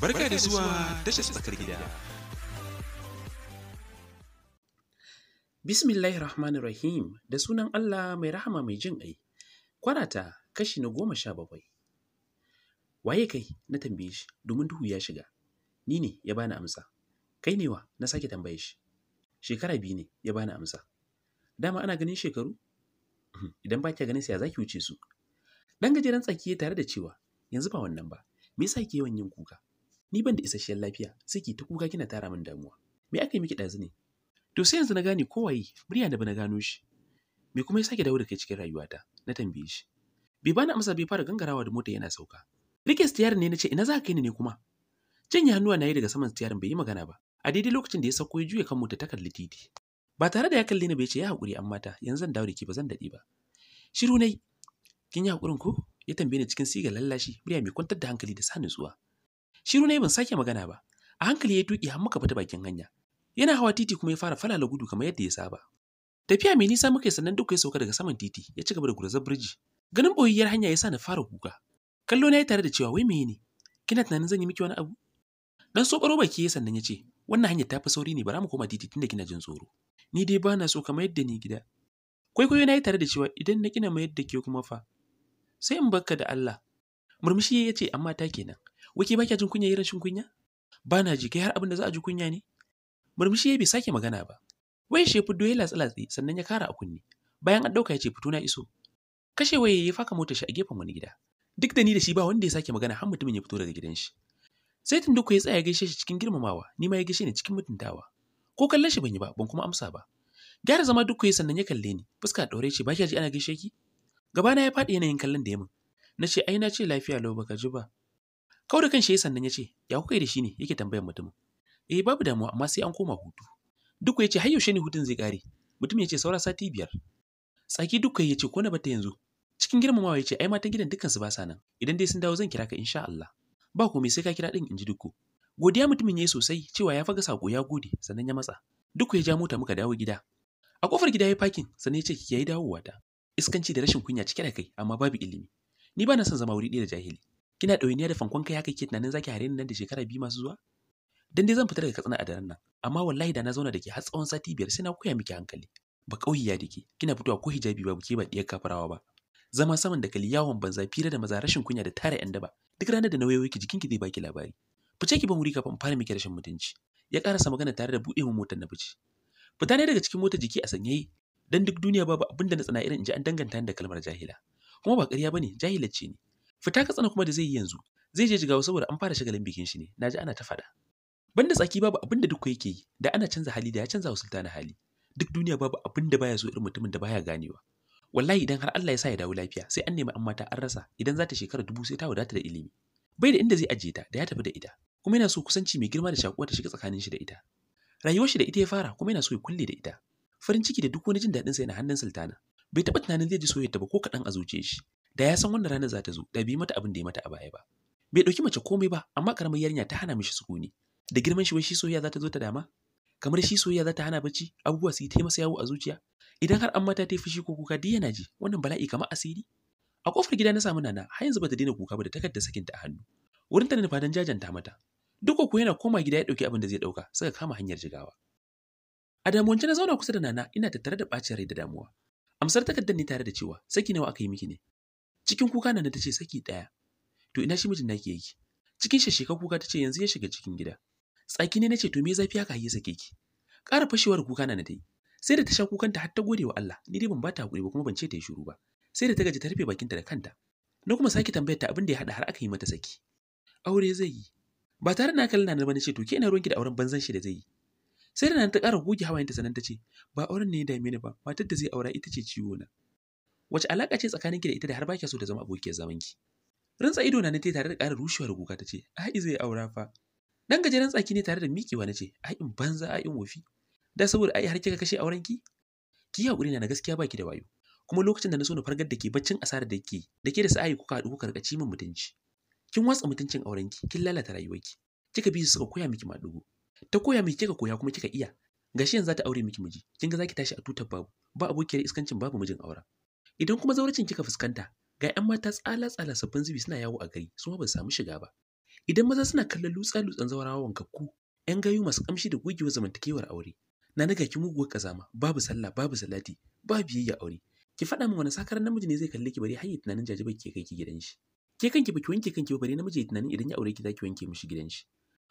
Barka da zuwa tashar tsakar gida. Bismillahirrahmanirrahim da sunan Allah mai rahama mai jin ƙai. kwanata kashi na goma sha bakwai. Waye kai na tambaye shi domin duhu ya shiga. Ni ne ya bani amsa. Kai ne wa na sake tambaye shi. Shekara biyu ne ya bani amsa. Dama ana ganin shekaru? Hmm, idan ba kya ganin sai ya zaki wuce su. Dan gajeren tsakiya tare da cewa yanzu ba wannan ba. Me yasa yake yawan yin kuka? ni ban da isasshen lafiya sai ta kuka kina tara min damuwa me aka yi miki ɗazu ne to sai yanzu na gane waye murya da bana gano shi me kuma ya sake dawo da kai cikin rayuwata na tambaye shi bai bani amsa bai fara gangarawa da mota yana sauka rike stiyarin ne na ce ina za ka kai ni ne kuma janye hannuwa na yi daga saman stiyarin bai yi magana ba a daidai lokacin da ya sauko ya juya kan mota ta kalli titi ba tare da ya kalli ni bai ce ya haƙuri amma ta, yanzu zan dawo da ki ba zan daɗe ba shiru nai kin yi haƙurin ko ya tambaye ni cikin sigar lallashi murya mai kwantar da hankali da sa nutsuwa Shiru na ban sake magana ba, a hankali ya tuki har muka fita bakin hanya. Yana hawa titi kuma ya fara falala gudu kamar yadda ya saba. Tafiya mai nisa muka yi sannan duka ya sauka daga saman titi ya ci gaba da gurzar birji. Ganin ɓoyayyar hanya ya sa na fara kuka. Kallo na ya tare da cewa wai meye ne? Kina tunanin zan yi miki wani abu? Dan soɓaro baki ya sannan ya ce, wannan hanyar ta fi sauri ne bara mu koma titi tunda kina jin tsoro. Ni dai ba na so kamar yadda ni gida. Kwaikwayo na yi tare da cewa idan na kina mayar da ke kuma fa, sai in barka da Allah. Murmushi ya ce amma ta kenan. wake ba kya jin kunya irin shin kunya ba na ji kai har abin da za a ji kunya ne murmushi ya bai sake magana ba wai shi fiddo ya latsi latsi sannan ya kara a kunne bayan an dauka ya ce fito na iso kashe waye ya faka mota shi a gefen wani gida duk da ni da shi ba wanda ya sake magana har mutumin ya fito daga gidan shi sai tunduku ya tsaya gaishe shi cikin girmamawa ni ma ya gaishe ni cikin mutuntawa ko kallon shi ban yi ba ban kuma amsa ba gyara zama duk ya sannan ya kalle ni fuska daure ce ba ji ana gaishe ki gaba na ya faɗi yanayin kallon da ya min na ce ai na ce lafiya lau baka ji ba Kau da shi ya sannan ya ce, ya kuka da shi ne yake tambayan mutumin. Eh babu damuwa amma sai an koma hutu. Duk ya ce har yaushe ne hutun zai kare. Mutum ya ce saura sati biyar. Tsaki duk ya ce ko na bata yanzu. Cikin girmamawa ya ce ai matan gidan dukkansu ba sa nan. Idan dai sun dawo zan kira ka insha Allah. Ba komai sai ka kira din in ji duku. Godiya mutumin ya yi sosai cewa ya faga sako ya gode sannan ya matsa. Duk ya ja mota muka dawo gida. A kofar gida ya fakin sannan ya ce ki yayi dawowa ta. Iskanci da rashin kunya cike da kai amma babu ilimi. Ni ba na son zama wuri da jahili. kina ɗawainiya da fankon kai haka ke tunanin zaki hare ni nan da shekara biyu masu zuwa dan dai zan fita daga katsina a daren nan amma wallahi da na zauna da ke har tsawon sati biyar sai na koya miki hankali ba ƙauyiya ya dake. kina fitowa ko hijabi ba ke ba ɗiyar kafarawa ba zama saman dakali yawon banza fira da maza rashin kunya da tara yan daba duk ranar da na wayoyi jikinki zai baki labari fice ki ban wuri kafin fara miki rashin mutunci ya karasa magana tare da buɗe mu motar na fice fita ne daga cikin mota jiki a sanyaye dan duk duniya babu abin da na tsana irin in ji an danganta da kalmar jahila kuma ba ƙarya bane jahila ce ne Fita katsina kuma da zai yi yanzu, zai je jigawa saboda an fara shagalin bikin shi ne, na ji ana ta faɗa. Banda tsaki babu abin da duk yake yi, da ana canza hali da ya canza wa sultana hali. Duk duniya babu abin da baya so irin mutumin da baya ganewa. Wallahi idan har Allah ya sa ya dawo lafiya, sai an nemi an mata an rasa, idan za ta shekara dubu sai ta wadata da ilimi. Bai da inda zai ajiye ta, da ya tafi da ita. Kuma yana so kusanci mai girma da shakuwa ta shiga tsakanin shi da ita. Rayuwar shi da ita ya fara kuma yana so ya kulle da ita. Farin ciki da duk wani jin daɗinsa yana hannun sultana. Bai taɓa tunanin zai ji soyayya ba ko kaɗan a zuciyar shi. da ya san wannan ranar za ta zo da bi mata abin da ya mata a baya ba bai ɗauki mace komai ba amma karamar yarinya ta hana mishi sukuni da girman shi wai shi soyayya za ta zo ta dama kamar shi soyayya za ta hana bacci abubuwa su yi tai masa yawo a zuciya idan har an mata ta fushi ko kuka duk yana ji wannan bala'i kamar asiri a kofar gida na samu nana har yanzu bata daina kuka ba da takarda sakin ta a hannu wurin ta nufa fadan jajanta mata duk ko yana koma gida ya dauki abin da zai dauka suka kama hanyar jigawa a damuwance na zauna kusa da nana ina tattare da bacin rai da damuwa amsar takardar ne tare da cewa saki nawa aka yi miki ne Cikin kuka nan da ta saki daya To ina shi mijin naki yake? Cikin shasheka kuka tace yanzu ya shiga cikin gida. Tsaki ne na ce to me zafi haka ya sake ki? Ƙara fashewar kuka na ta yi. Sai da ta sha kukanta har ta gode wa Allah, ni dai ban bata hakuri ba kuma ban ce ta yi shiru ba. Sai da ta gaji ta rufe bakinta da kanta. Na kuma sake tambayar ta abin da ya haɗa har aka yi mata saki. Aure zai yi. Ba tare da na kalli na ba ce to ke ina ruwanki da auren banzan shi da zai yi. Sai da nan ta ƙara goge hawayenta sannan ta ce ba auren ne ya dame ni ba, matar da zai aura ita ce ciwo na. wace alaƙa ce tsakaninki da ita da har ba so da zama abokiyar zamanki rantsa ido na ne tare da ƙara rushewar guga ta ce ai zai aura fa dan gajeren tsaki ne tare da na ce, ai in banza ai in wofi da saboda ai har kika kashe auren ki haƙuri na na gaskiya baki da wayo kuma lokacin da na so na fargar da ke baccin asarar da ke da ke da sa'ayi kuka haɗu kuka rikaci min mutunci kin watsa mutuncin auren ki? kin lalata rayuwar ki kika bi su suka koya miki maɗugo ta koya miki kika koya kuma kika iya gashi yanzu za ta aure miki miji kin ga zaki tashi a tutar babu ba abokiyar iskancin babu mijin auren Idan kuma zauracin kika fuskanta, ga 'yan mata tsala-tsala sabbin zubi suna yawo a gari, su ma ba samu shiga ba. Idan maza suna kallon lutsa-lutsan zawarawa wankakku, 'yan gayu masu kamshi da gogewa zamantakewar aure. Na naga ki muguwar kazama, babu sallah, babu salati, babu biyayya aure. Ki faɗa min wani sakarar namiji ne zai kalle ki bari har tunanin jajibar ke kai ki gidan shi. Ke kanki baki wanke kanki ba bare namiji ya tunanin idan ya aure ki zaki wanke mishi gidan shi.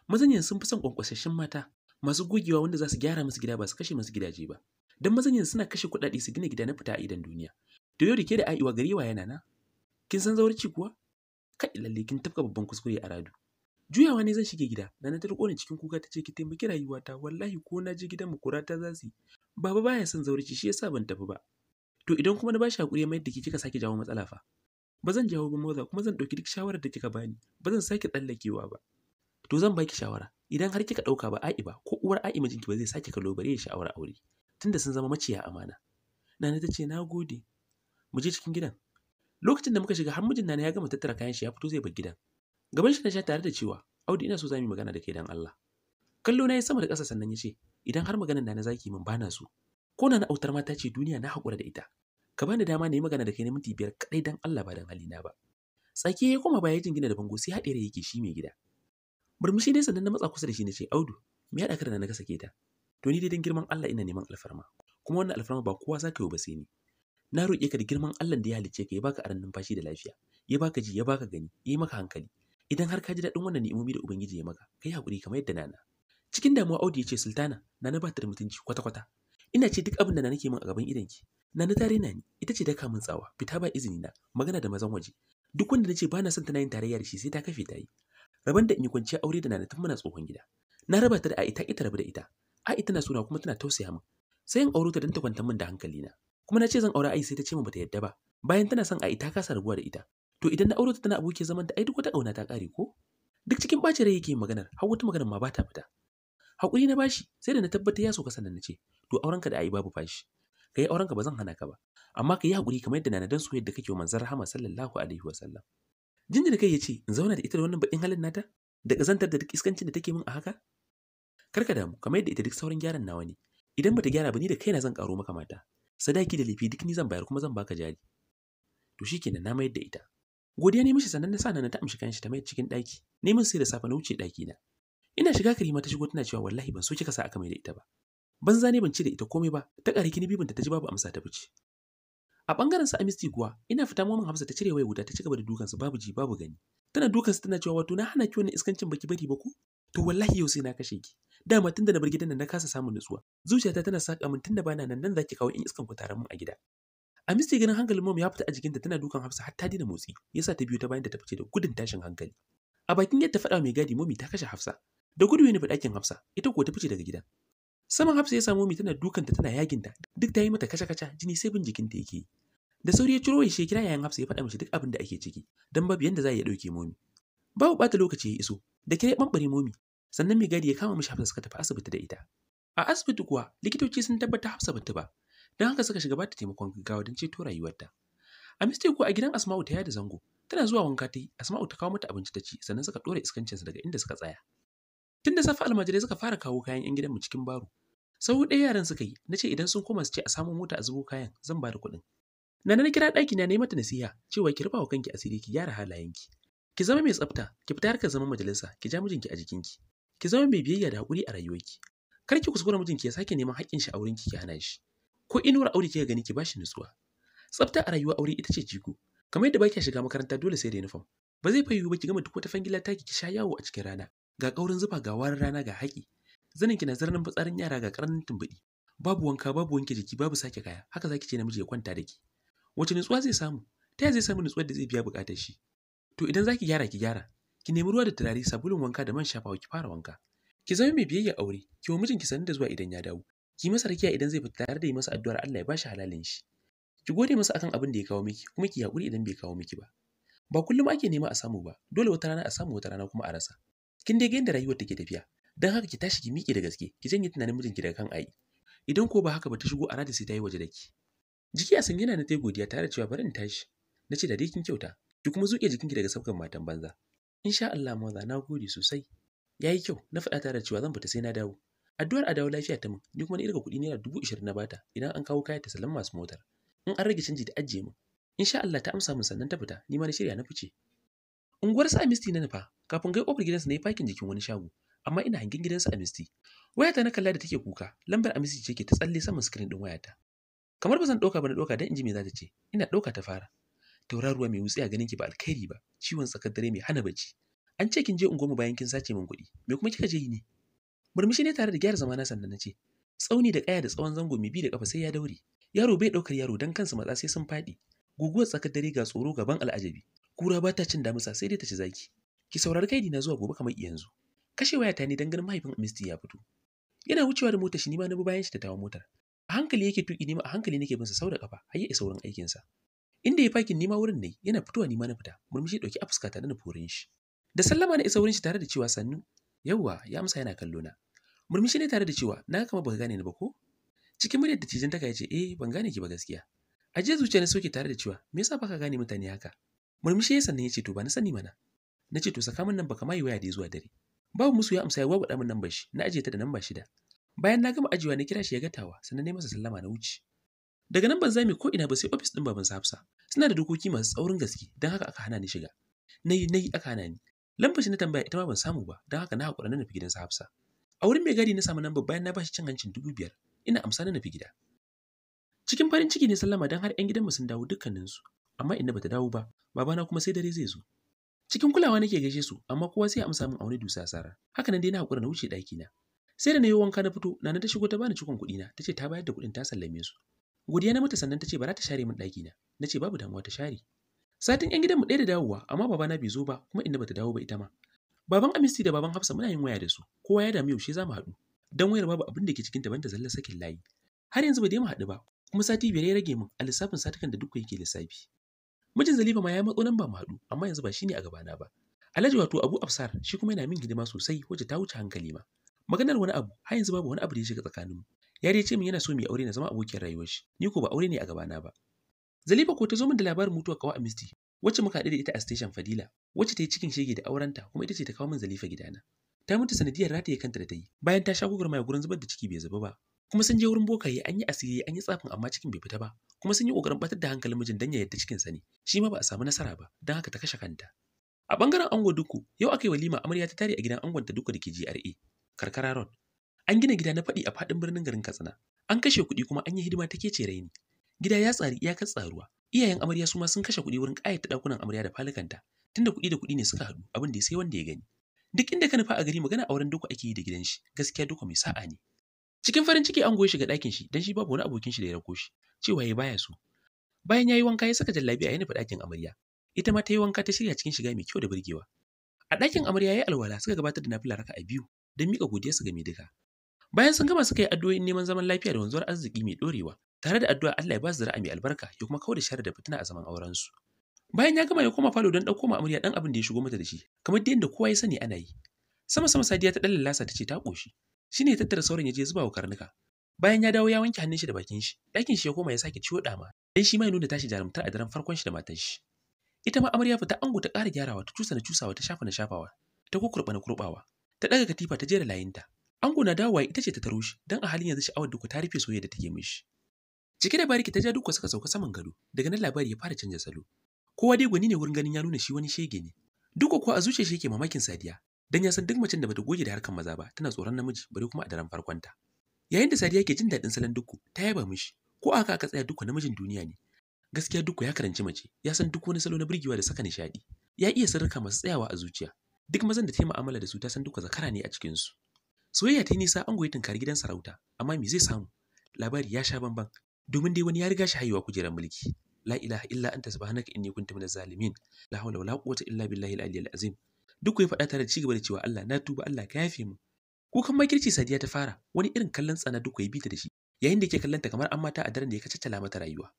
Mazan yanzu sun fi son kwankwasassun mata, masu gogewa wanda za su gyara musu gida ba su kashe musu gidaje ba. Don mazan yanzu suna kashe kuɗaɗe su gina gida na fita a idan duniya. da yau rike da aiwa garewa yana na. Kin san zawarci kuwa? Kai lalle kin tafka babban kuskure a radu. Juyawa ne zan shige gida, Nana ta riko cikin kuka ta ce ki taimaki rayuwata, wallahi ko na je gidan kura ta za su Baba baya son zawarci shi yasa ban tafi ba. To idan kuma na ba shi hakuri mai da kika sake jawo matsala fa. Ba zan jawo ba moza kuma zan dauki duk shawarar da kika bani, ba zan sake tsallakewa ba. To zan baki shawara, idan har kika dauka ba a'i ba ko uwar a'i mijinki ba zai sake kallo bare ya sha'awar aure, tunda sun zama maciya amana. Nana ta ce, na gode, mu je cikin gidan lokacin da muka shiga har mijin nana ya gama tattara kayan shi ya fito zai bar gidan gaban shi na sha tare da cewa Audu ina so za mu yi magana da kai dan Allah kallo na yi sama da ƙasa sannan ya ce idan har maganar nana zaki min bana su. ko na autar mata ce duniya na haƙura da ita ka bani dama na yi magana da kai na minti biyar kaɗai dan Allah ba dan halina ba tsaki ya koma baya jingina da bango sai da yake shi mai gida murmushi dai sannan na matsa kusa da shi na ce Audu me ya haɗa ka da na sake ta to ni dai dan girman Allah ina neman alfarma kuma wannan alfarma ba kowa za ka yi ba sai ni na roƙe ka da girman Allah da ya halicce ka ya baka aran numfashi da lafiya ya baka ji ya baka gani ya yi maka hankali idan har ka ji daɗin wannan ni'imomi da ubangiji ya maka kai haƙuri kamar yadda nana cikin damuwa Audu ya ce sultana nana ba ta da mutunci kwata kwata ina ce duk abin da na nake min a gaban Na nana ta na ni ita ce daka min tsawa fita ba izini na magana da mazan waje duk wanda nace ba na son tana yin tarayya da shi sai ta kafe ta yi raban da in yi kwanciya aure da nana tun muna tsohon gida na raba ta da a ita ita rabu da ita a ita na suna kuma tana tausaya min sai in auro ta don ta kwantar min da hankali na kuma na ce zan aure ai sai ta ce min bata yadda ba bayan tana son a ita kasa rabuwa da ita to idan na aure ta tana abokin zaman ta ai duk wata kauna ta kare ko duk cikin bace rai yake maganar har wata maganar ma ba ta fita hakuri na bashi sai da na tabbata ya so ka na ce to aurenka da ai babu fashi kai aurenka ba zan hana ka ba amma ka hakuri kamar yadda na dan soyayya da kake wa manzon rahama sallallahu alaihi wa sallam da kai yace in zauna da ita da wannan bakin halin nata da kazantar da duk iskancin da take min a haka karka damu kamar yadda ita duk sauran gyaran nawa ne idan bata gyara ba ni da kaina zan karo maka mata sadaki da lefi duk ni zan bayar kuma zan baka jari to shikenan na mayar da ita godiya ne mishi sannan na sa na ta amshi kan shi ta mai cikin daki neman sai da safe na wuce daki na ina shiga karima ta shigo tana cewa wallahi ban so kika sa aka mai da ita ba Ban zane ban ci da ita komai ba ta kare kini bibinta ta ji babu amsa ta fice a bangaren sa amisti kuwa ina fita momin Hamza ta cire waya guda ta cigaba da dukansu babu ji babu gani tana dukansu tana cewa wato na hana ki wannan iskancin baki bari ba ko to wallahi yau sai na kashe ki dama tunda na bar gidan nan na kasa samun nutsuwa zuciyata tana saka min tunda bana nan nan zaki kawo in iskan ku tare mu a gida a misti ganin hankalin mom ya fita a jikinta tana dukan hafsa har ta dina motsi yasa ta biyo ta bayan da ta fice da gudun tashin hankali a bakin yadda faɗa mai gadi momi ta kashe hafsa da gudu ya nufi ɗakin hafsa ita kuwa ta fice daga gidan saman hafsa ya samu momi tana dukanta tana yaginta duk ta yi mata kaca-kaca jini sai bin jikinta yake yi da sauri ya ciro shi kira yayin hafsa ya faɗa mishi duk abin da ake ciki don babu yanda za ya ɗauke momi babu ɓata lokaci ya iso da kira bare momi sannan mai gadi ya kama mishi Hafsa suka tafi asibiti da ita. A asibiti kuwa likitoci sun tabbata Hafsa bata ba, don haka suka shiga bata taimakon gaggawa don ceto rayuwarta. A mistake kuwa a gidan Asma'u ta yada zango, tana zuwa wanka ta yi, Asma'u ta kawo mata abinci ta ci, sannan suka ɗora iskancinsa daga inda suka tsaya. Tun da safe almajirai suka fara kawo kayan 'yan gidanmu cikin baro. Sau ɗaya yaran suka yi, na ce idan sun koma su ce a samu mota a zubo kayan, zan ba da kuɗin. Nana na kira ɗaki na nemi mata nasiha cewa ki rufa wa kanki asiri ki gyara halayenki. Ki zama mai tsafta, ki fita harkar zaman majalisa, ki ja mijinki a jikinki. ki zama mai biyayya da haƙuri a rayuwarki kar ki kuskura mijinki ya sake neman haƙƙin shi a wurin ki hana shi ko inuwar aure kika gani ki bashi nutsuwa tsafta a rayuwa aure ita ce jigo kamar yadda baki shiga makaranta dole sai da uniform ba zai fayu ba ki gama duk wata fangila taki ki sha yawo a cikin rana ga ƙaurin zufa ga warin rana ga haƙi zanin ki na zarnin fitsarin yara ga ƙaramin tumbuɗi babu wanka babu wanke jiki babu sake kaya haka za ki ce namiji ya kwanta da ki wace nutsuwa zai samu ta zai samu nutsuwar da zai biya buƙatar shi to idan zaki gyara ki gyara ki nemi ruwa da turare sabulun wanka da man shafawa ki fara wanka ki zama mai biyayya aure ki wa mijinki sanin da zuwa idan ya dawo ki masa rakiya idan zai fita tare da yi masa addu'ar Allah ya bashi halalin shi ki gode masa akan abin da ya kawo miki kuma ki haƙuri idan bai kawo miki ba ba kullum ake nema a samu ba dole wata rana a samu wata rana kuma a rasa kin dai ga yadda rayuwar take tafiya dan haka ki tashi ki miƙe da gaske ki janye tunanin mijinki daga kan ai idan ko ba haka ba ta shigo a rada sai ta yi waje da ki jiki a sanye na na tai godiya tare da cewa bari in tashi na ce da dai kin kyauta ki kuma zuke jikinki daga sabgar matan banza Insha Allah maza na gode sosai. Ya yi kyau, na faɗa tare da cewa zan fita sai na dawo. Addu'ar a dawo lafiya ta min, ni kuma na irga kuɗi naira dubu ishirin na bata idan an kawo kayan ta masu motar. In an rage canji da ajiye min. Insha Allah ta amsa min sannan ta fita, ni ma na shirya na fice. Unguwar sa Amisti na nufa, kafin kai ƙofar gidansa na yi fakin jikin wani shago, amma ina hangen gidansa Amisti. Wayata na kalla da take kuka, lambar Amisti ce ke ta tsalle saman sikirin ɗin wayata. Kamar ba zan ɗauka ba na ɗauka don in me za ta ce, ina ɗauka ta fara. tauraruwa mai wutsi a ganin ki ba alkhairi ba ciwon tsakar dare mai hana bacci an ce kin je unguwarmu bayan kin sace min kuɗi me kuma kika je yi ne murmushi ne tare da gyara zamana sannan na ce tsauni da kaya da tsawon zango mai bi da ƙafa sai ya daure yaro bai ɗaukar yaro dan kansa matsa sai sun faɗi guguwar tsakar dare ga tsoro gaban al'ajabi kura ba ta cin damusa sai dai ta ci zaki ki saurari kaidi na zuwa gobe kamar yanzu kashe waya ta ne dan ganin mahaifin amnesty ya fito yana wucewa da motar shi ni ma na bi bayan shi ta tawo motar a hankali yake tuki nima a hankali nake bin sa sau da kafa har ya isa wurin sa Inda ya fakin nema wurin ne yana fitowa nima na fita, murmushi ɗauki a fuska tare da furin shi. Da sallama na isa wurin shi tare da cewa sannu, yawwa ya amsa yana kallo na. Murmushi ne tare da cewa na kama baka gane ni ba ko? Cikin muryar dattijan taka ya ce eh ban gane ki ba gaskiya. A jiya zuciya na soke tare da cewa me yasa baka gane mutane haka? Murmushi ya sannan ya ce to ba na sani mana. Na ce to sakamun nan baka ma waya da zuwa dare. Babu musu ya amsa ya gwagwada min nambar shi na ajiye ta da namba shida. Bayan na gama ajiyewa na kira shi ya gatawa sannan na masa sallama na wuce. daga nan ban zame ko ina ba sai ofis din baban Safsa suna da dokoki masu tsaurin gaske dan haka aka hana ni shiga nayi nayi aka hana ni lambar shi na tambaya ita ma ban samu ba dan haka na hakura na nufi gidan Safsa a wurin mai gadi na samu lambar bayan na bashi cin hancin dubu biyar ina amsa na nufi gida cikin farin ciki ne sallama dan har 'yan mu sun dawo dukkaninsu amma inda bata dawo ba babana kuma sai dare zai zo cikin kulawa nake gaishe su amma kowa sai amsa min a dusa sara haka nan dai na hakura na wuce daki na sai da na wanka na fito nana ta shigo ta bani cikon kuɗi na tace ta bayar da kudin ta sallame su Godiya na mata sannan ta ce za ta share min ɗaki na. Na ce babu damuwa ta share. Satin ‘yan gidanmu ɗaya da dawowa, amma babana bai zo ba kuma inda bata dawo ba ita ma. Baban Amisti da baban Hafsa muna yin waya da su, kowa ya damu yaushe za mu haɗu. Dan wayar babu abin da ke cikin ta banta zallar sakin layi. Har yanzu ba dai mu haɗu ba, kuma sati biyar ya rage min a lissafin satukan da dukka yake lissafi. Mijin Zalifa ma ya matso nan ba mu haɗu, amma yanzu ba ne a gabana ba. Alhaji wato Abu Afsar shi kuma yana min hidima sosai wacce ta wuce hankali ma. Maganar wani abu har yanzu babu wani abu da ya shiga tsakaninmu. ya dai ce min yana so mu aure na zama abokin rayuwar shi ni ko ba aure ne a gabana ba Zalifa ko ta zo min da labarin mutuwar kawa a Misti wacce muka haɗu da ita a station Fadila wacce ta yi cikin shege da aurenta kuma ita ce ta kawo min Zalifa gidana ta mutu sanadiyar rataye kanta da ta yi bayan ta sha gwagwarmaya gurin zubar da ciki bai zuba ba kuma sun je wurin bokaye an yi asiri an yi tsafin amma cikin bai fita ba kuma sun yi kokarin batar da hankalin mijin dan ya yadda cikin sa ne shi ma ba a samu nasara ba dan haka ta kashe kanta a bangaren ango duku yau aka yi walima amarya ta tare a gidan angonta duku da ke jra karkara An gina gida na faɗi a faɗin birnin garin Katsina. An kashe kuɗi kuma an yi hidima ta ce raini. Gida ya tsari ka tsaruwa. Iyayen amarya su ma sun kashe kuɗi wurin ƙayata ɗakunan amarya da falukanta. Tunda kuɗi da kuɗi ne suka haɗu abin da ya sai wanda ya gani. Duk inda ka nufa a gari magana a wurin duka ake yi da gidan shi, gaskiya duka mai sa'a ne. Cikin farin ciki an goyi shiga ɗakin shi don shi babu wani abokin shi da ya rako shi, cewa ya baya su. Bayan yayi wanka ya saka jallabi a ya nufi ɗakin amarya. Ita ma ta yi wanka ta shirya cikin shiga mai kyau da burgewa. A ɗakin amarya ya yi alwala suka gabatar da nafila raka'a biyu don miƙa godiyarsu ga mai duka. Bayan sun gama suka yi addu'o'in neman zaman lafiya da wanzuwar arziki mai dorewa, tare da addu'a Allah ya ba su zuri'a mai albarka ya kuma kawo da shari da fitina a zaman auren Bayan ya gama ya koma falo don ɗauko ma amarya ɗan abin da ya shigo mata da shi, kamar da yadda kowa ya sani ana yi. Sama sama Sadiya ta ɗan lasa ta ce ta ƙoshi, shi ne tattara sauran ya je zuba wa karnuka. Bayan ya dawo ya wanke hannun shi da bakin shi, ɗakin shi ya koma ya sake ciwo ɗama, dan shi ma ya nuna tashi jarumtar a daren farkon shi da matar shi. Ita ma amarya fita ango ta ƙara gyarawa ta cusa na cusawa ta shafa na shafawa, ta kukurɓa na kurɓawa, ta ɗaga katifa ta jera layinta, Ango na dawowa ita ce ta taro shi don a halin yanzu sha'awar duka ta rufe soyayya da take mishi. Cike da bariki ta ja duka suka sauka saman gado, daga nan labari ya fara canja salo. Kowa dai gwani ne wurin ganin ya nuna shi wani shege ne. Duka ko a zuciya shi yake mamakin Sadiya, dan ya san duk macen da bata goge da harkan maza ba, tana tsoron namiji, bare kuma a daren farkon ta. Yayin da Sadiya ke jin daɗin salon duku, ta yaba mishi, ko aka aka tsaya duka namijin duniya ne. Gaskiya duku ya karanci mace, ya san duk wani salo na burgewa da saka nishaɗi. Ya iya sirrika masu tsayawa a zuciya. Duk mazan da ta yi mu'amala da su ta san duka zakara ne a cikinsu. Soyayya ta nisa ango ya tunkari gidan sarauta, amma me zai samu? Labari ya sha bamban, domin dai wani ya riga shi haihuwa kujerar mulki. La ilaha illa anta subhanaka inni kuntu minaz zalimin. La hawla wala quwwata illa billahi al-aliyyil azim. Duk ku faɗa tare da cigaba da cewa Allah na tuba Allah ka yafe mu. kan makirci Sadiya ta fara wani irin kallon tsana duk ya bita da shi yayin da yake kallon ta kamar an mata a daren da ya tala mata rayuwa.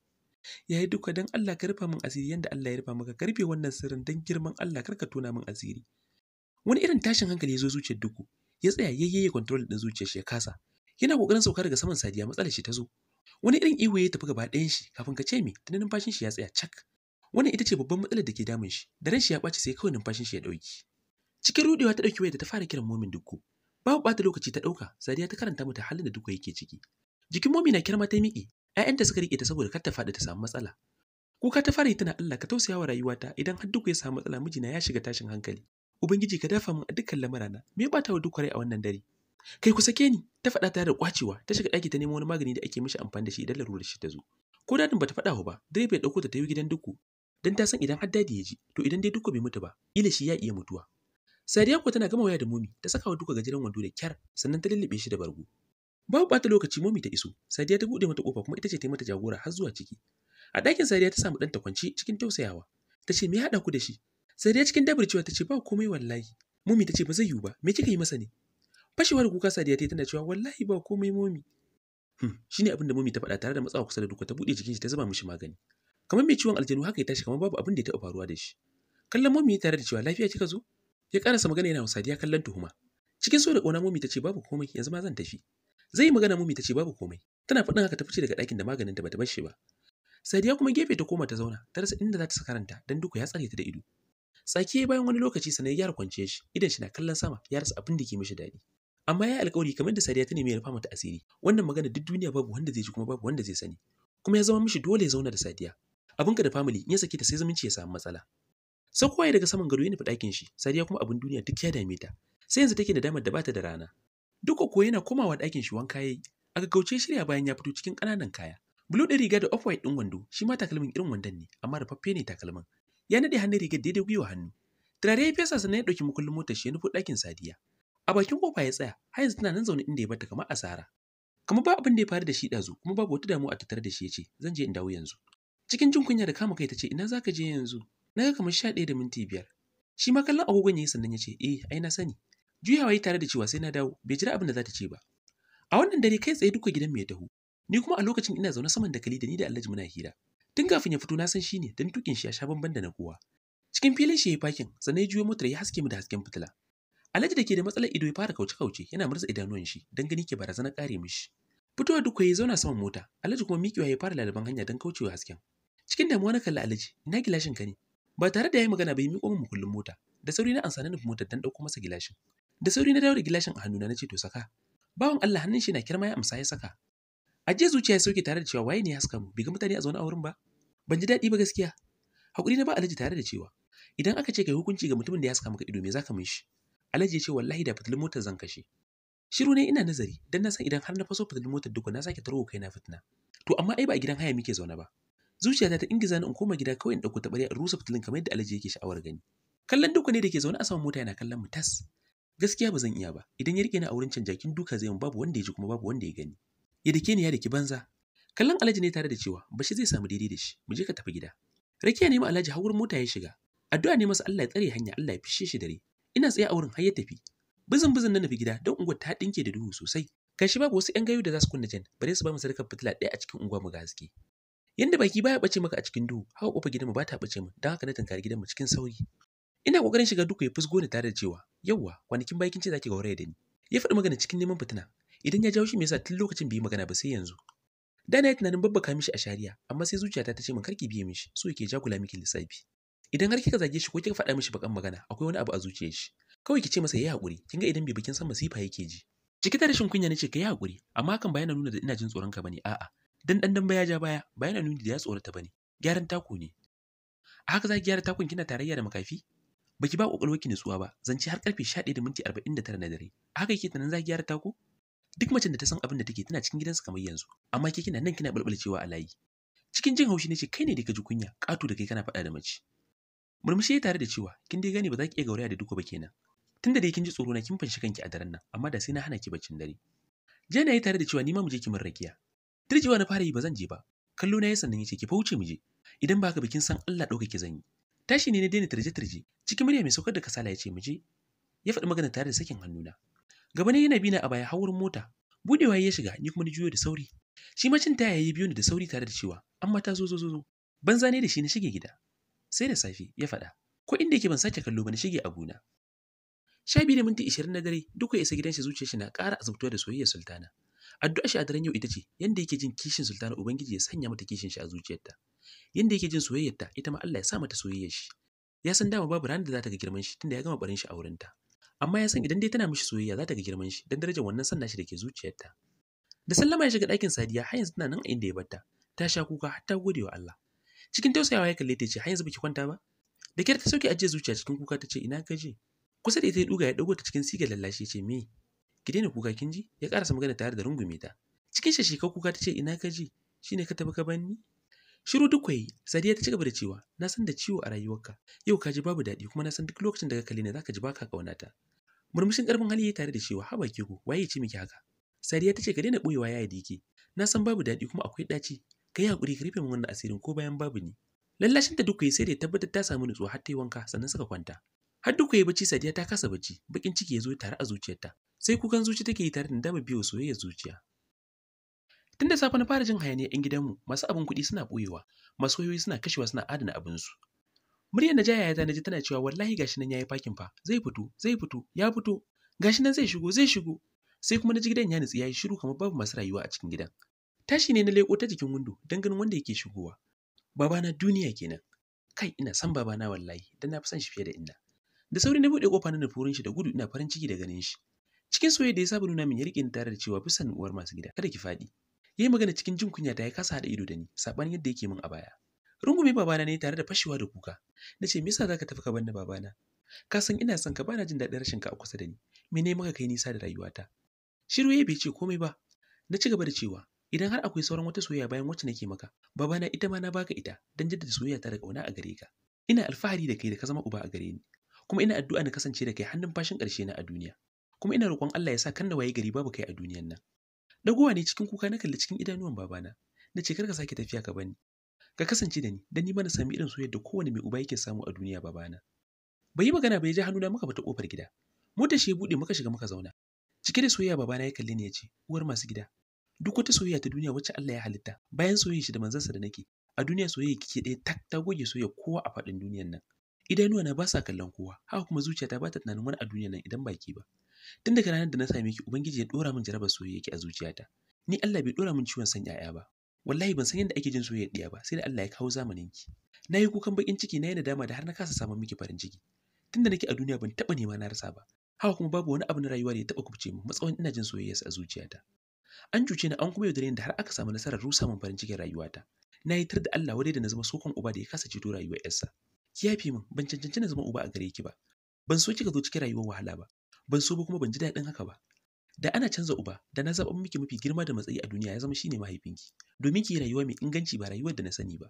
Yayi duka dan Allah ka rufa min asiri yanda Allah ya rufa maka karfe wannan sirrin dan girman Allah karka tona min asiri. Wani irin tashin hankali ya zo zuciyar duku ya tsaya yayye ya control din zuciyar shi ya kasa yana kokarin sauka daga saman sadiya matsalar shi ta zo wani irin ihu ya tafi gaba ɗayan shi kafin ka ce me tunanin numfashin shi ya tsaya cak wannan ita ce babban matsalar da ke damun shi da ran shi ya ɓaci sai kawai numfashin shi ya ɗauki cikin rudewa ta ɗauki waya da ta fara kiran momin dukku babu ɓata lokaci ta ɗauka sadiya ta karanta mata halin da dukku yake ciki jikin momi na kirma ta miƙe ‘ya'yanta suka riƙe ta saboda kar ta faɗi ta samu matsala kuka ta fara yi tana Allah ka tausaya wa rayuwata idan har duk ya samu matsala mijina ya shiga tashin hankali Ubangiji ka dafa min a dukkan lamarana, me ba ta wa duk a wannan dare? Kai ku sake ni, ta faɗa tare da kwacewa, ta shiga ɗaki ta nemo wani magani da ake mishi amfani da shi idan larurar shi ta zo. Ko dadin bata faɗa ba, direba ya ɗauko ta ta yi gidan duku, dan ta san idan har dadi ya ji, to idan dai duka bai mutu ba, ila shi ya iya mutuwa. Sadiya ko tana gama waya da momi, ta saka wa duka gajeren wando da kyar, sannan ta lullube shi da bargo. Babu ɓata lokaci momi ta iso, Sadiya ta buɗe mata kofa kuma ita ce ta mata jagora har zuwa ciki. A ɗakin Sadiya ta samu ɗanta kwance cikin tausayawa. Ta ce me ya haɗa ku da shi? Sadiya cikin dabircewa ta ce ba komai wallahi. Mumi ta ce ba zai yiwu ba, me kika yi masa ne? Fashewar kuka Sadiya ta tana cewa wallahi ba komai Mumi. Hmm, shine abin da Mumi ta faɗa tare da matsawa kusa da duka ta buɗe jikin shi ta zuba mishi magani. Kamar mai ciwon aljanu haka ya tashi kamar babu abin da ya taɓa faruwa da shi. Kallon Mumi tare da cewa lafiya kika zo? Ya karasa magana yana Sadiya kallon tuhuma. Cikin so da ƙona Mumi ta ce babu komai yanzu ma zan tafi. Zai yi magana Mumi ta ce babu komai. Tana faɗin haka ta fice daga ɗakin da maganin ta bata bar shi ba. Sadiya kuma gefe ta koma ta zauna, ta rasa inda za ta saka don duka ya tsare ta da ido. Sake bayan wani lokaci sannan ya gyara shi, idan shi na kallon sama ya rasa abin da ke mishi daɗi. Amma ya yi alkawari kamar da Sadiya ta nemi ya rufa mata asiri, wannan magana duk duniya babu wanda zai ji kuma babu wanda zai sani. Kuma ya zama mishi dole ya zauna da Sadiya. ka da family in ya sake ta sai zumunci ya samu matsala. Saukowa ya daga saman gado ya nufi ɗakin shi, Sadiya kuma abin duniya duk ya dame ta. Sai yanzu take da damar da bata da rana. Duk ko yana komawa ɗakin shi wanka yayi, a gaggauce shirya bayan ya fito cikin ƙananan kaya. Blue ɗin riga da off-white ɗin wando, shi ma takalmin irin wandon ne, amma rufaffe ne takalmin. ya nade hannun rigar daidai gwiwa hannu. Turare ya fesa sannan ya ɗauki makullin motar shi ya nufi ɗakin Sadiya. A bakin kofa ya tsaya, har yanzu tana nan zaune inda ya bata kamar asara. Kamar ba abin da ya faru da shi ɗazu, kuma babu wata damuwa a tattare da shi ya ce, zan je in dawo yanzu. Cikin jin kunya da kama kai ta ce, ina za ka je yanzu? Na ga kamar sha ɗaya da minti biyar. Shi ma kallon agogon ya yi sannan ya ce, eh, ai na sani. Juyawa ya tare da cewa sai na dawo, bai jira abin da za ta ce ba. A wannan dare kai tsaye duka gidan mai taho. Ni kuma a lokacin ina zaune saman dakali da ni da Alhaji muna hira. Tun kafin ya fito na san shi ne don tukin shi ya sha bamban da na kowa. Cikin filin shi ya yi fakin sannan ya juyo motar ya haske mu da hasken fitila. Alhaji da ke da matsalar ido ya fara kauce-kauce yana murza idanuwan shi don gani ke barazana kare mishi. Fitowa duk ya zauna saman mota, Alhaji kuma miƙewa ya fara lalaban hanya don kaucewa hasken. Cikin damuwa na kalli Alhaji, ina gilashin ka ne? Ba tare da ya yi magana ba ya miƙo min kullum mota, da sauri na ansa na nufin motar don ɗauko masa gilashin. Da sauri na dawo da gilashin a hannuna na ce to saka. Bawan Allah hannun shi na kirma ya amsa ya saka. Ajiye zuciya ya sauke tare da cewa waye ne ya haska mu, bai ga mutane a zaune a wurin ba? ban ji daɗi ba gaskiya hakuri na ba alhaji tare da cewa idan aka ce kai hukunci ga mutumin da ya saka maka ido me za ka mishi alhaji ya ce wallahi da fitilin motar zan kashe shiru ne ina nazari dan na san idan har na faso fitilin motar duka na sake tarwo na fitina to amma ai ba a gidan haya muke zaune ba zuciyata ta ingiza ni in koma gida kawai in dauko tabari in rusa fitilin kamar yadda alhaji yake sha'awar gani kallon duka ne da ke zaune a saman mota yana kallon mu tas gaskiya ba zan iya ba idan ya rike ni a wurin can jakin duka zai babu wanda ya ji kuma babu wanda ya gani ya dake ni ya dake banza Kallon Alhaji ne tare da cewa bashi zai samu daidai da shi, mu je ka tafi gida. Rakiya ne ma Alhaji hawar mota ya shiga. Addu'a ne masa Allah ya tsare hanya Allah ya fishe shi dare. Ina tsaye a wurin har ya tafi. Bizin bizin na nufi gida don unguwar ta dinke da duhu sosai. Kashi babu wasu 'yan gayu da za su kunna jan, bare su ba mu sadakar fitila ɗaya a cikin unguwa mu ga Yanda baki baya bace maka a cikin duhu, haka kofa mu ba ta bace mu, don haka na tankari mu cikin sauri. Ina kokarin shiga duka ya fusgo ni tare da cewa, "Yawwa, kwanakin bayan kin ce zaki gauraya da ni." Ya faɗi magana cikin neman fitina. Idan ya jawo shi me yasa tun lokacin bai magana ba sai yanzu. Dana yi tunanin babbaka mishi a shari'a, amma sai zuciyata ta ce min karki biye mishi, so yake jakula miki lissafi. Idan har kika zage shi ko kika faɗa mishi bakan magana, akwai wani abu a zuciyar shi. Kawai ki ce masa yayi hakuri, kin ga idan bai bakin san masifa yake ji. Ciki ta rashin kunya nace kai hakuri, amma hakan ba yana nuna da ina jin tsoron ka bane, a'a. Dan dan dan baya ja baya, ba yana nuna da ya tsorata bane. Gyaran tako ne. A haka za ki gyara takon kina tarayya da makafi? Baki ba ki nutsuwa ba, zance har karfe 11:49 na dare. A haka yake tunanin za ki gyara tako? duk macen da ta san abin da take tana cikin gidansa kamar yanzu amma ke kina nan kina cewa a layi cikin jin haushi ce kai ne da ka ji kunya ƙato da kai kana faɗa da mace murmushi tare da cewa kin dai gane ba za ki iya gauraya da duka ba kenan tunda dai kin ji tsoro na kin fanshi kanki a daren nan amma da sai na hana ki baccin dare jana ya tare da cewa ni ma mu je ki min rakiya dirjewa na fara yi ba zan je ba kallo na ya sannan ya ce ki fauce mu je idan ba haka bikin san Allah ɗauka ki zan yi tashi ne na daina tarje-tarje cikin murya mai saukar da kasala ya ce mu je ya faɗi magana tare da sakin hannuna gaba ne yana bina a baya haurin mota budewa ya shiga ni kuma ni juyo da sauri shi ma cin taya yayi biyo ni da sauri tare da cewa amma ta zo zo zo banza ne da shi na shige gida sai da safe ya faɗa ko inda yake ban sake kallo ba na shige abuna sha biyu da minti ishirin na dare duka isa gidan shi zuciyar shi na ƙara azabtuwa da soyayyar sultana addu'a shi a daren yau ita ce yanda yake jin kishin sultana ubangiji ya sanya mata kishin shi a zuciyarta yanda yake jin soyayyarta ita ma Allah ya sa mata soyayyar shi ya san dama babu ranar da za ta ga girman shi tunda ya gama barin shi a wurinta amma ya san idan dai tana mishi soyayya za ta ga girman shi don darajar wannan san nashi da ke zuciyarta. Da sallama ya shiga ɗakin Sadiya har yanzu tana nan a inda ya batta, ta sha kuka har ta gode wa Allah. Cikin tausayawa ya kalle ta ce har yanzu baki kwanta ba? Da kyar ta sauke ajiye zuciya cikin kuka ta ce ina ka je? Kusa da ita ya duga ya dago ta cikin sigar lallashi ya ce me? Ki daina kuka kin ji? Ya karasa magana tare da rungume ta. Cikin shashika kuka ta ce ina ka je? Shine ka tafi ka banni? Shiru duk kwai, Sadiya ta cigaba da cewa, na san da ciwo a rayuwarka, yau ka ji babu daɗi kuma na san duk lokacin da ka kalle ne za ka ji baka ƙaunata. Murmushin ƙarfin hali ya tare da cewa haba ke ku waye ce miki haka. Sariya ta ce ka daina boyewa yaya yake Na san babu daɗi kuma akwai ɗaci. yi hakuri ka rufe min wannan asirin ko bayan babu ni. Lallashin ta duka sai da tabbatar ta samu nutsuwa har ta yi wanka sannan suka kwanta. Har duka yi bacci Sadiya ta kasa bacci, bakin ciki ya zo tare a zuciyarta. Sai kukan zuci take yi tare da dama biyo soyayyar zuciya. Tun da safe na fara jin hayaniya 'yan gidanmu, masu abin kuɗi suna ɓoyewa, masu wayoyi suna kashewa suna adana abinsu. muryar da jaya ta naji tana cewa wallahi gashi nan yayi fakin fa zai fito zai fito ya fito gashi nan zai shigo zai shigo sai kuma naji gidan ya nutsi yayi shiru kamar babu masu rayuwa a cikin gidan tashi ne na leko ta jikin windo dan ganin wanda yake shigowa babana duniya kenan kai ina san babana wallahi dan na fi son shi fiye da inna da sauri na bude kofa na nufi shi da gudu ina farin ciki da ganin shi cikin soyayya da ya saba nuna min ya rike ni tare da cewa bisan uwar masu gida kada ki faɗi yayi magana cikin jin kunya da ya kasa da ido da ni saban yadda yake min a baya Rungume babana ne tare da fashewa da kuka. Na ce, Misa za ka tafi ka banni babana? Ka san ina son ka bana jin daɗin rashin ka a kusa da ni. Me ne maka kai nisa da rayuwata? Shiru ya bai ce komai ba. Na ci gaba da cewa, idan har akwai sauran wata soyayya bayan wacce nake maka, babana ita ma na baka ita don jaddada soyayya ta da kauna a gare ka. Ina alfahari da kai da ka zama uba a gare ni. Kuma ina addu'a na kasance da kai hannun fashin ƙarshe na a duniya. Kuma ina roƙon Allah ya sa kan waye gari babu kai a duniyan nan. Dagowa ne cikin kuka na kalli cikin idanuwan babana. Na ce kar ka sake tafiya ka bani. Ka kasance da ni, dan ni mana sami irin soyayya da kowane mai uba yake samu a duniya babana. Bai yi magana bai hannu na muka fita kofar gida. Motar shi ya buɗe muka shiga muka zauna. Cike da soyayya babana ya kalle ni ya ce, "Uwar masu gida, duk wata soyayya ta duniya wacce Allah ya halitta, bayan soyayya shi da manzansa da nake, a duniya soyayya kike ɗaya tak ta goge soyayya kowa a faɗin duniyan nan. Idanuwa na ba sa kallon kowa, haka kuma zuciyata ba ta tunanin wani a duniyan nan idan baki ba. Tun daga ranar da na same ki, Ubangiji ya dora min jarabar soyayya ki a zuciyata. Ni Allah bai ɗora min ciwon san 'ya'ya ba, wallahi ban san yadda ake jin soyayya ɗaya ba sai da Allah ya kawo zamanin ki na yi kukan bakin ciki na yi nadama da har na kasa samun miki farin ciki tunda nake a duniya ban taɓa nema na rasa ba haka kuma babu wani abu na rayuwa da ya taɓa kubce min matsawon ina jin soyayyarsa a zuciyata an cuce ni an kuma yaudare ni da har aka samu nasarar rusa min farin cikin rayuwata na yi tar da Allah wadai da na zama sokon uba da ya kasa ceto rayuwar yarsa ki yafe min ban cancanci na zama uba a gare ki ba ban so kika zo cikin rayuwar wahala ba ban so ba kuma ban ji daɗin haka ba da ana canza uba da na zaɓa miki mafi girma da matsayi a duniya ya zama shine mahaifinki domin ki rayuwa mai inganci ba rayuwar da na sani ba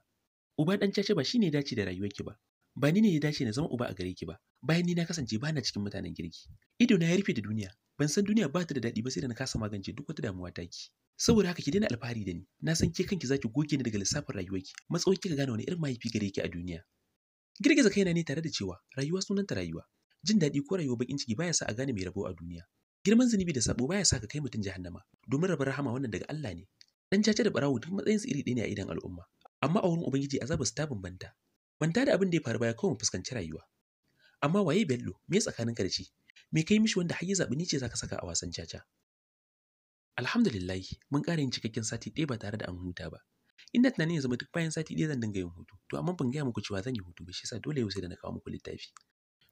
uba dan caca ba shine ya dace da rayuwarki ba ba ni ne ya dace na zama uba a gare ki ba bayan ni na kasance ba na cikin mutanen girki. ido na ya rufe da duniya ban san duniya ba ta da daɗi ba sai da na kasa magance duk wata damuwa ta ki saboda haka ki daina alfahari da ni na san ke kanki zaki goge ni daga lissafin rayuwarki ki kika gane wani irin mahaifi gare ki a duniya girgiza kaina ne tare da cewa rayuwa sunanta rayuwa jin daɗi ko rayuwa bakin ciki baya sa a gane mai rabo a duniya girman zunubi da sabo baya sa ka kai mutum jahannama domin rabar rahama wannan daga Allah ne dan caca da barawo duk matsayinsu iri ɗaya ne a idan al'umma amma a wurin ubangiji azaba su ta bambanta Banta da abin da ya faru baya kawai fuskanci rayuwa amma waye bello me tsakaninka da shi me kai mishi wanda har ya zaɓi ni ce zaka saka a wasan caca alhamdulillah mun ƙara yin cikakken sati ɗaya ba tare da an huta ba ina tunanin zama duk bayan sati ɗaya zan dinga yin hutu to amma ban gaya muku cewa zan yi hutu ba shi yasa dole yau sai da na kawo muku littafi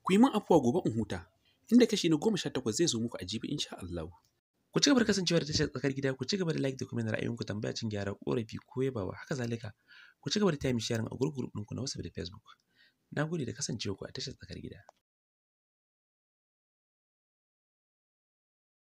ku yi min afuwa gobe in huta inda kashi na goma sha takwas zai zo muku a jibi insha Allah. Ku ci gaba da kasancewa da tashar tsakar gida, ku ci gaba da like da kuma ra'ayinku tambaya cin gyara ƙorafi ko yabawa haka zalika. Ku cigaba da taya mi sharing a gurgurun ɗinku na WhatsApp da Facebook. Na gode da kasancewa ku a tashar tsakar gida.